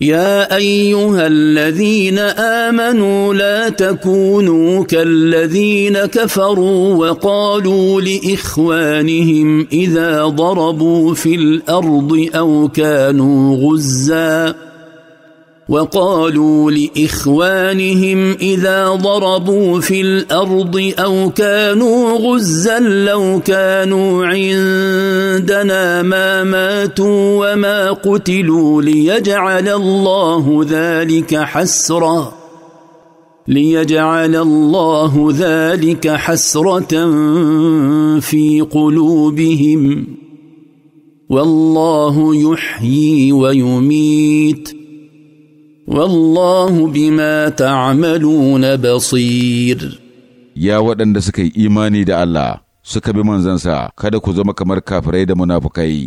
يا ايها الذين امنوا لا تكونوا كالذين كفروا وقالوا لاخوانهم اذا ضربوا في الارض او كانوا غزاً وقالوا لاخوانهم اذا ضربوا في الارض او كانوا غزا لو كانوا عندنا ما ماتوا وما قتلوا ليجعل الله ذلك حسره ليجعل الله ذلك حسره في قلوبهم والله يحيي ويميت والله بما تعملون بصير يا waɗanda suka yi imani da Allah suka bi manzansa kada ku zama kamar kafirai da munafukai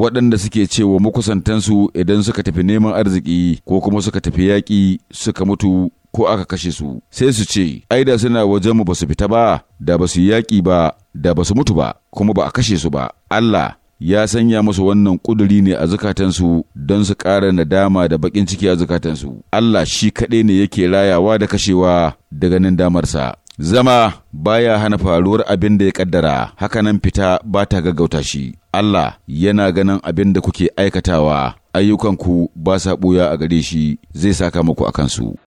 waɗanda suke cewa makusantansu idan suka tafi neman arziki ko kuma suka tafi yaƙi suka mutu ko aka kashe su sai su ce ai da suna wajenmu ba su fita ba da ba su yaƙi ba da ba su mutu ba kuma ba a kashe su ba Allah ya sanya musu wannan ƙuduri ne a zukatansu don su ƙara nadama da baƙin ciki a zukatansu. Allah shi kaɗai ne yake rayawa da kashewa daga nan damarsa. Zama baya hana faruwar abin da ya ƙaddara, nan fita ba ta gaggauta shi. Allah yana ganin abin da kuke aikatawa, ayyukanku ba sa ɓuya a gare shi zai saka muku a kansu.